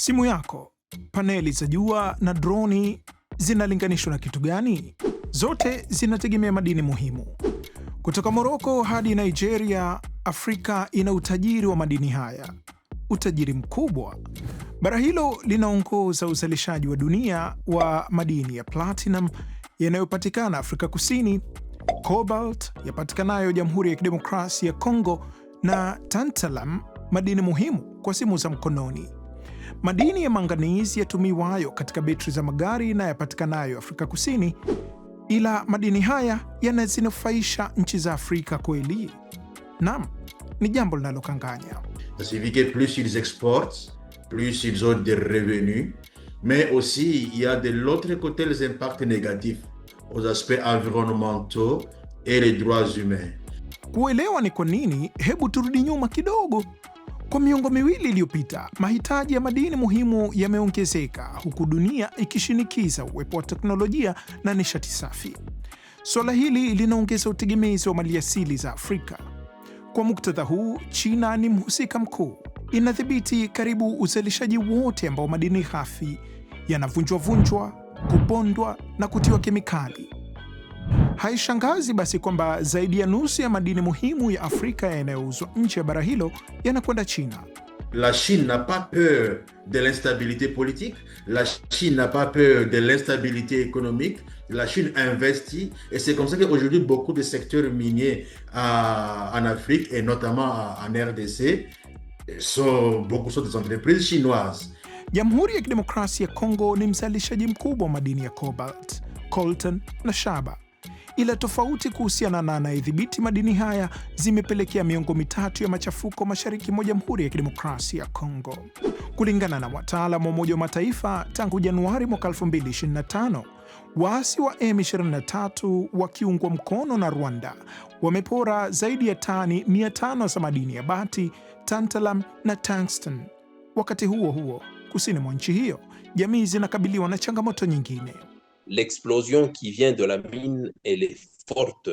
Simu yako, paneli za jua na droni zinalinganishwa na kitu gani? Zote zinategemea madini muhimu. Kutoka Moroko hadi Nigeria, Afrika ina utajiri wa madini haya, utajiri mkubwa. Bara hilo linaongoza uzalishaji wa dunia wa madini ya platinum yanayopatikana Afrika Kusini, cobalt yapatikanayo Jamhuri ya Kidemokrasia ya Kongo na tantalum, madini muhimu kwa simu za mkononi. Madini ya manganizi yatumiwayo katika betri za magari na yapatikanayo Afrika Kusini, ila madini haya yanazinufaisha nchi za Afrika kweli? Naam, ni jambo linalokanganya. Plus ils exportent, plus ils ont des revenus, mais aussi il y a de l'autre côté les impacts négatifs aux aspects environnementaux et les droits humains. Kuelewa ni kwa nini, hebu turudi nyuma kidogo kwa miongo miwili iliyopita, mahitaji ya madini muhimu yameongezeka huku dunia ikishinikiza uwepo wa teknolojia na nishati safi. Suala hili linaongeza utegemezi wa maliasili za Afrika. Kwa muktadha huu, China ni mhusika mkuu. Inadhibiti karibu uzalishaji wote ambao madini ghafi yanavunjwavunjwa, kupondwa na kutiwa kemikali. Haishangazi basi kwamba zaidi ya nusu ya madini muhimu ya Afrika yanayouzwa nje ya bara hilo yanakwenda China. La Chine n'a pas peur de l'instabilité politique, la Chine n'a pas peur de l'instabilité économique, la Chine investit et c'est comme ça qu'aujourd'hui beaucoup de secteurs miniers à, euh, en Afrique et notamment euh, en RDC sont beaucoup sont des entreprises chinoises. Jamhuri ya Kidemokrasia ya Kongo ni mzalishaji mkubwa wa madini ya cobalt, coltan na shaba ila tofauti kuhusiana na anayedhibiti madini haya zimepelekea miongo mitatu ya machafuko mashariki mwa Jamhuri ya Kidemokrasia ya Kongo. Kulingana na wataalam wa Umoja wa Mataifa, tangu Januari mwaka 2025 waasi wa M23 wakiungwa mkono na Rwanda wamepora zaidi ya tani 500 za madini ya bati, tantalum na tungsten. Wakati huo huo, kusini mwa nchi hiyo jamii zinakabiliwa na changamoto nyingine l'explosion qui vient de la mine elle est forte.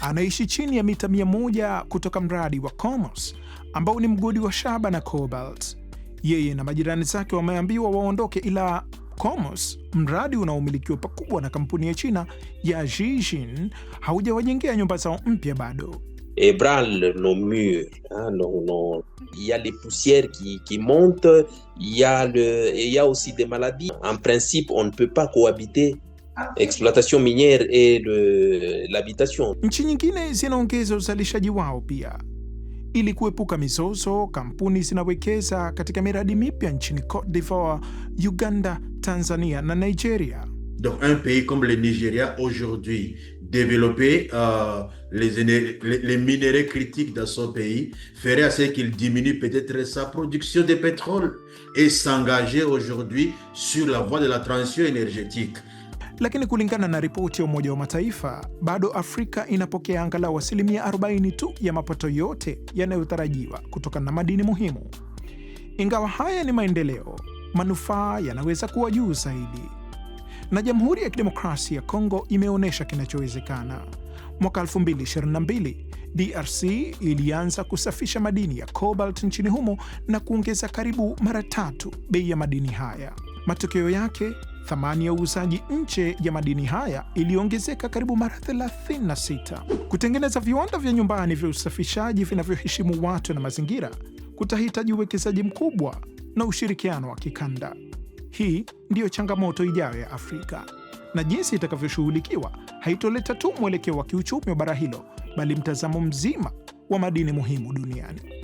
Anaishi chini ya mita mia moja kutoka mradi wa comos ambao ni mgodi wa shaba na cobalt. Yeye na majirani zake wameambiwa waondoke, ila comos mradi unaomilikiwa pakubwa na kampuni ya China ya Zijin, haujawajengea nyumba zao mpya bado. ébranle nos murs. Hein, nos, nos... Il y a les poussières qui, qui montent, il y, a le... il y a aussi des maladies. En principe, on ne peut pas cohabiter exploitation minière et l'habitation. Nchi nyingine zinaongeza uzalishaji wao pia. Ili kuepuka mizozo, kampuni zinawekeza katika miradi mipya nchini Cote d'Ivoire, Uganda, Tanzania na Nigeria. Donc un pays comme le Nigeria aujourd'hui développer euh, les, les, les, minéraux critiques dans son pays ferait à ce qu'il diminue peut-être sa production de pétrole et s'engager aujourd'hui sur la voie de la transition énergétique. Lakini kulingana na ripoti ya Umoja wa Mataifa, bado Afrika inapokea angalau asilimia 40 tu ya mapato yote yanayotarajiwa kutokana na madini muhimu. Ingawa haya ni maendeleo, manufaa yanaweza kuwa juu zaidi na Jamhuri ya Kidemokrasia ya Kongo imeonyesha kinachowezekana. Mwaka 2022 DRC ilianza kusafisha madini ya cobalt nchini humo na kuongeza karibu mara tatu bei ya madini haya. Matokeo yake, thamani ya uuzaji nje ya madini haya iliongezeka karibu mara 36. Kutengeneza viwanda vya nyumbani vya usafishaji vinavyoheshimu watu na mazingira kutahitaji uwekezaji mkubwa na ushirikiano wa kikanda. Hii ndiyo changamoto ijayo ya Afrika na jinsi itakavyoshughulikiwa haitoleta tu mwelekeo wa kiuchumi wa bara hilo, bali mtazamo mzima wa madini muhimu duniani.